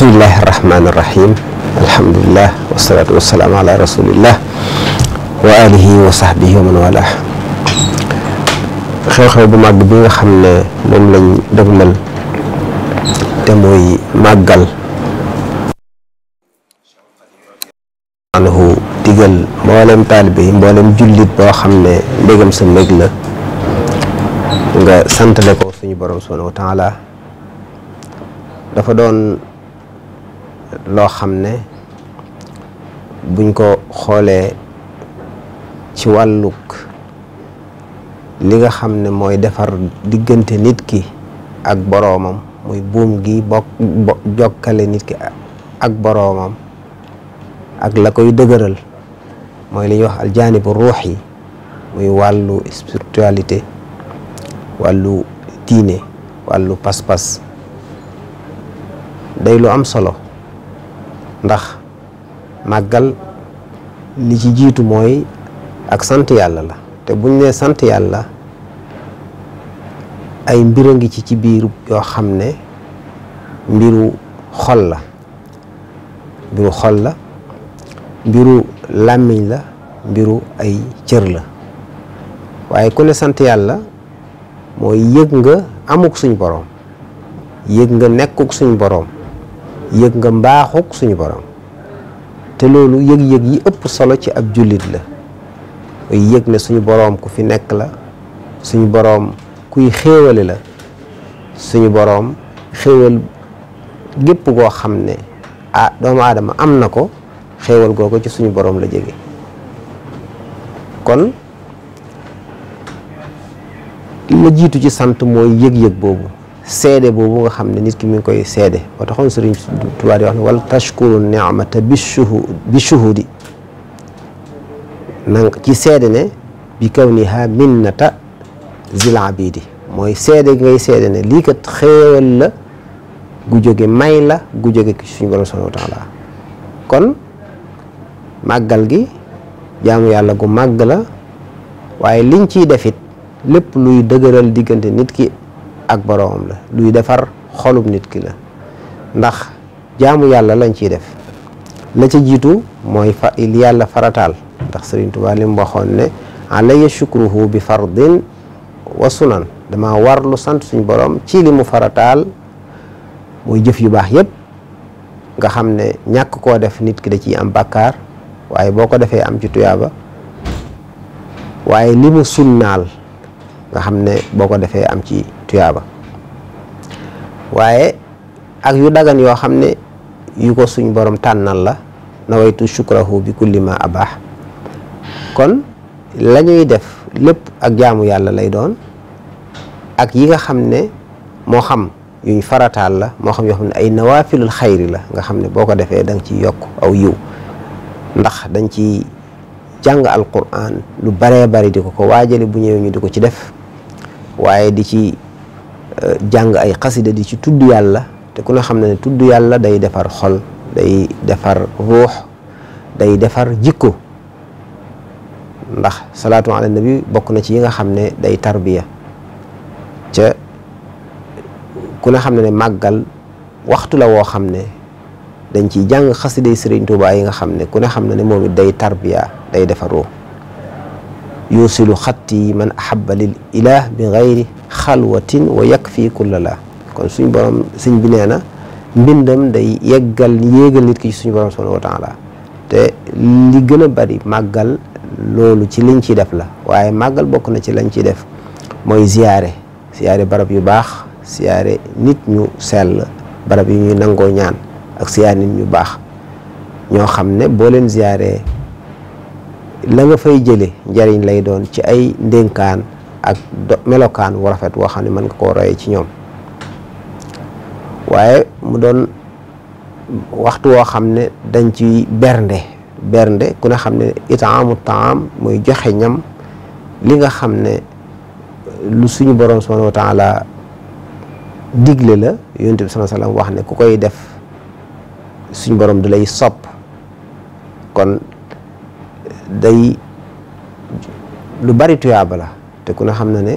bismillahi rahmaani rahim alhamdulilah wasalaatu wasalaamu ala rasulillah wa alihi wa xew-xew bu màgg bi nga xam ne moom lañ dëgmal te mooy màggal anhu digal mboolem taalibe yi jullit boo xam ne mbégam sa mbég la nga santale ko suñu borom subhanahu wa taala dafa doon loo xam ne buñ ko xoolee ci wàlluk li nga xam ne mooy defar diggante nit ki ak boroomam muy buum gi jokkale nit ki ak boroomam ak la koy dëgëral mooy li ñuy wax aljaanibu ruux yi muy wàllu spiritualité wàllu diine wàllu paspas day lu am solo ndax màggal li ci jiitu mooy ak sant yàlla la te buñ nee sant yàlla ay mbir a ngi ci ci biir yoo xam ne mbiru xol la mbiru xol la mbiru làmmiñ la mbiru ay cër la waaye ku ne sant yàlla mooy yëg nga amuk suñ boroom yëg nga nekkuk suñ boroom yëg nga mbaaxuk suñu borom te loolu yëg-yëg yi ëpp solo ci ab jullit la yëg ne suñu boroom ku fi nekk la suñu boroom kuy xéewale la suñu boroom xéewal gépp goo xam ne ah doomu aadama am na ko xéewal goo ko ci suñu boroom la jege kon la jiitu ci sant mooy yëg-yëg boobu seede boobu nga xam ne nit ki mi ngi koy seede moo taxoon sëriñ Tuubaa di wax ne wala tashkuru ni'mata bi shuhu bi shuhudi nang ci seede ne bi kaw ni ha minnata zil abidi mooy seede ngay seede ne lii kat xéewal la gu jóge may la gu jóge suñu borom subhaanahu wa taala kon màggal gi jaamu yàlla gu màgg la waaye liñ ciy defit lépp luy dëgëral diggante nit ki ak boroomam la luy defar xolum nit ki la ndax jaamu yàlla lañ ci def la ca jiitu mooy yàlla farataal ndax Sëriñ Tuubaa li waxoon ne alayya shukruhu bi fardin wa sunan dama war lu sant suñ borom ci li mu farataal mooy jëf yu baax yépp nga xam ne ñàkk koo def nit ki da ci am bàkkaar waaye boo ko defee am ci tuyaaba waaye li mu sunnaal nga xam ne boo ko defee am ci tuyaaba waaye ak yu dagan yoo xam ne yu ko suñ borom tànnal la nawaytu shukrahu bi kulli ma abaax kon la ñuy def lépp ak jaamu yàlla lay doon ak yi nga xam ne moo xam yuñ farataal la moo xam yoo ne ay nawaafilul xayri la nga xam ne boo ko defee da nga ciy yokk aw yiw ndax dañ ci jàng alquran lu baree bari di ko ko waajale bu ñëwee ñu di ko ci def waaye di ci jàng ay xasida di ci tudd yàlla te ku ne xam ne tudd yàlla day defar xol day defar ruux day defar jikko ndax salaatu ala nabi bokk na ci yi nga xam ne day tarbiya ca ku ne xam ne ne màggal waxtu la woo xam ne dañ ciy jàng xasida yi Sëriñ Tuubaa yi nga xam ne ku ne xam ne ne moom day tarbiya day defar ruux yuusilu xatti man ahaba lil ilah bi gayri xalwatin wa yakfi kulla la kon suñ borom sëñ bi nee na mbindam day yeggal yéegal nit ki suñ suñu borom subhanahu wa te li gën a bari màggal loolu ci liñ ci def la waaye màggal bokk na ci lañ ciy def mooy ziyaare siyaare barab yu baax siyaare nit ñu sell barab yu ñuy nangoo ñaan ak siyaare nit ñu baax ñoo xam ne boo leen ziyaaree la nga fay jële njariñ lay doon ci ay ndénkaan ak melokaan wu rafet woo xam ne mën nga koo roye ci ñoom waaye mu doon waxtu woo xam ne dañ ci bernde bernde ku ne xam ne itaamu taam muy joxe ñam li nga xam ne lu suñu borom subhanahu wa taala digle la yonent bi wax ne ku koy def suñu borom da lay sopp kon day lu bari tuyaaba la te ku ne xam na ne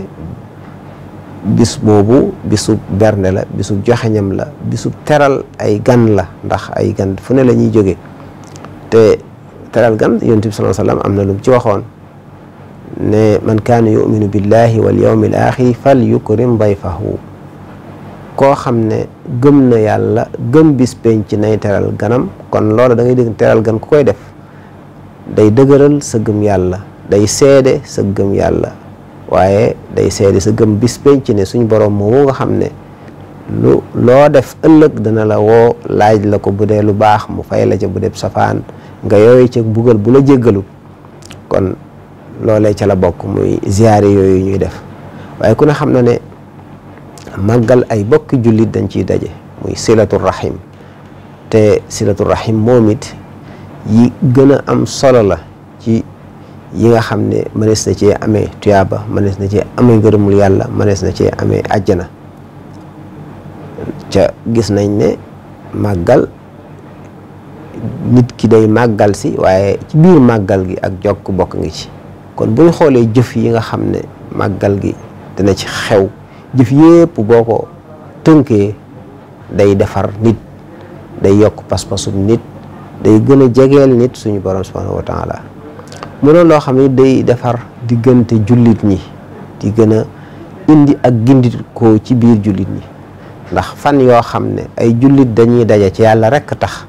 bis boobu bisub bernde la bisub joxeñam la bisub teral ay gan la ndax ay gan fu ne la ñuy jóge te teral gan yonent bi sallallahu alayhi am na lu ci waxoon ne man kaana yuminu billahi wal yawmil axiri fal yukrim dayfahu koo xam ne gëm na yàlla gëm bis ci nay teral ganam kon loola dangay ngay dégg teral gan ku koy def day dëgëral sa gëm yàlla day seede sa gëm yàlla waaye day seede sa gëm bis penc ne suñ borom moomu nga xam ne loo def ëllëg dana la woo laaj la ko bu dee lu baax mu fay la ca bu dee safaan nga yooyu ca bugal bu la jéggalu kon loolee ca la bokk muy ziyaare yooyu ñuy def waaye ku ne xam na ne màggal ay bokki jullit dañ ciy daje muy silatul rahim te silatul rahim moom it yi gën a am solo la ci yi nga xam ne mënees na cee amee tuyaaba mënees na cee amee ngërëmul yàlla mënees na cee amee àjjana ca gis nañ ne màggal nit ki day màggal si waaye ci biir màggal gi ak jokk bokk ngi ci kon bu ñu xoolee jëf yi nga xam ne màggal gi dina ci xew jëf yépp boo ko tënkee day defar nit day yokk pas nit day gën a jegeel nit suñu borom subhanahu wa taala mu doon loo xam ne day defar diggante jullit ñi di gëna a indi ak gindit ko ci biir jullit ñi ndax fan yoo xam ne ay jullit dañuy daje ci yàlla rekk tax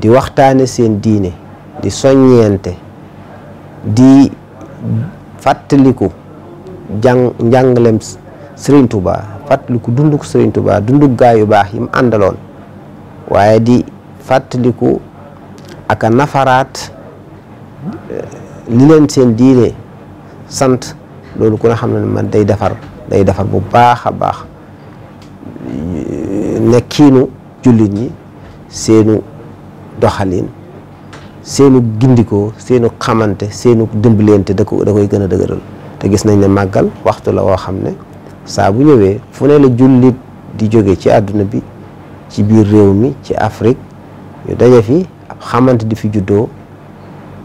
di waxtaane seen diine di soññeente di fàttaliku jàng njàngalem Sëriñ Tuubaa fàttaliku dunduk Sëriñ Tuubaa dunduk gaa yu baax yi mu àndaloon waaye di fàttaliku ak a nafaraat li leen seen diine sant loolu ku na xam ne man day defar day defar bu baax a baax nekkiinu jullit ñi seenu doxalin seenu gindikoo seenu xamante seenu dimbalante da ko da koy gën a dëgëral te gis nañ ne màggal waxtu la woo xam ne saa bu ñëwee fu ne la jullit di jóge ci àdduna bi ci biir réew mi ci Afrique ñu daje xamante di fi juddoo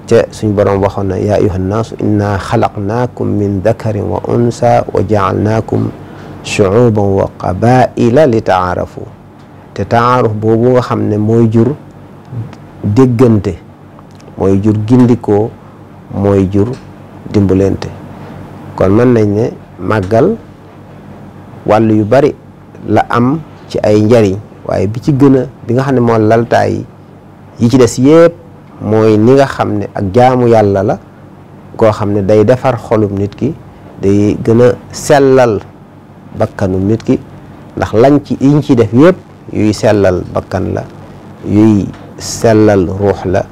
ca suñ borom waxoon na yaa ayuha nnaasu inna xalaqnaakum min dakarin wa unsa wa jaalnaakum shuuban wa qabaila li taarafu te taaruf boobu nga xam ne mooy jur déggante moy jur gindikoo mooy jur dimbalante kon mën nañ ne màggal wàll yu bari la am ci ay njariñ waaye bi ci gën bi nga xam ne moo laltaay yi ci des yëpp mooy ni nga xam ne ak jaamu yàlla la koo xam ne day defar xolum nit ki day gën a sellal bakkanum nit ki ndax lañ ci yiñ ci def yëpp yuy sellal bakkan la yuy sellal ruux la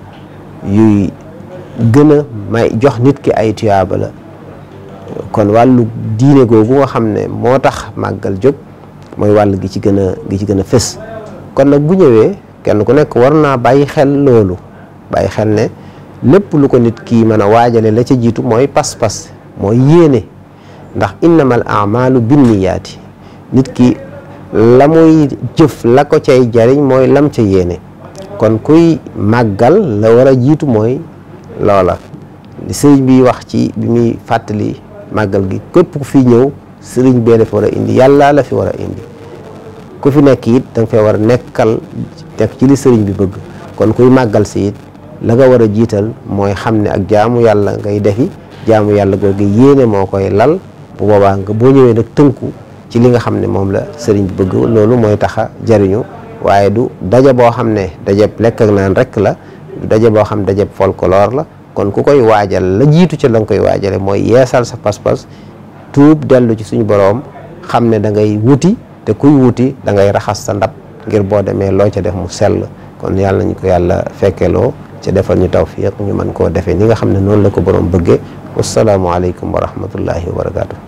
yuy gën a jox nit ki ay tuyaaba la kon wàllu diine googu nga xam ne moo tax màggal jóg mooy wàll gi ci gën a gi ci gën a fës kon nag bu ñëwee kenn ku nekk war naa bàyyi xel loolu bàyyi xel ne lépp lu ko nit kii mën a waajale la ca jiitu mooy pas-pas mooy yéene ndax innamal amalu binniyaati nit ki la mooy jëf la ko cay jariñ mooy lam ca yéene kon kuy màggal la war a jiitu mooy loola li sëriñ bi wax ci bi muy fàttali màggal gi képp ku fi ñëw sëriñ bee la fi war a indi yàlla la fi war a indi ku fi nekk it danga fee war a nekkal teg ci li sëriñ bi bëgg kon kuy màggal si it la nga war a jiital mooy xam ne ak jaamu yàlla ngay defi jaamu yàlla googu yéene moo koy lal bu boobaa nga boo ñëwee nag tënku ci li nga xam ne moom la sëriñ bi bëgg loolu mooy taxa jariñu waaye du daje boo xam ne dajeb lekk ak naan rek la du daje boo xam ne dajeb folklore la kon ku koy waajal la jiitu ca la nga koy waajale mooy yeesal sa pas-pas tuub dellu ci suñu boroom xam ne da ngay wuti te kuy wuti da ngay raxas sa ndab ngir boo demee loo ca def mu sell kon yàlla ñu ko yàlla fekkee fekkeloo ca defal ñu tawfiq ñu mën koo defee ni nga xam ne noonu la ko borom bëggee wasalaamualeykum wa rahmatullahi wa barakaatu.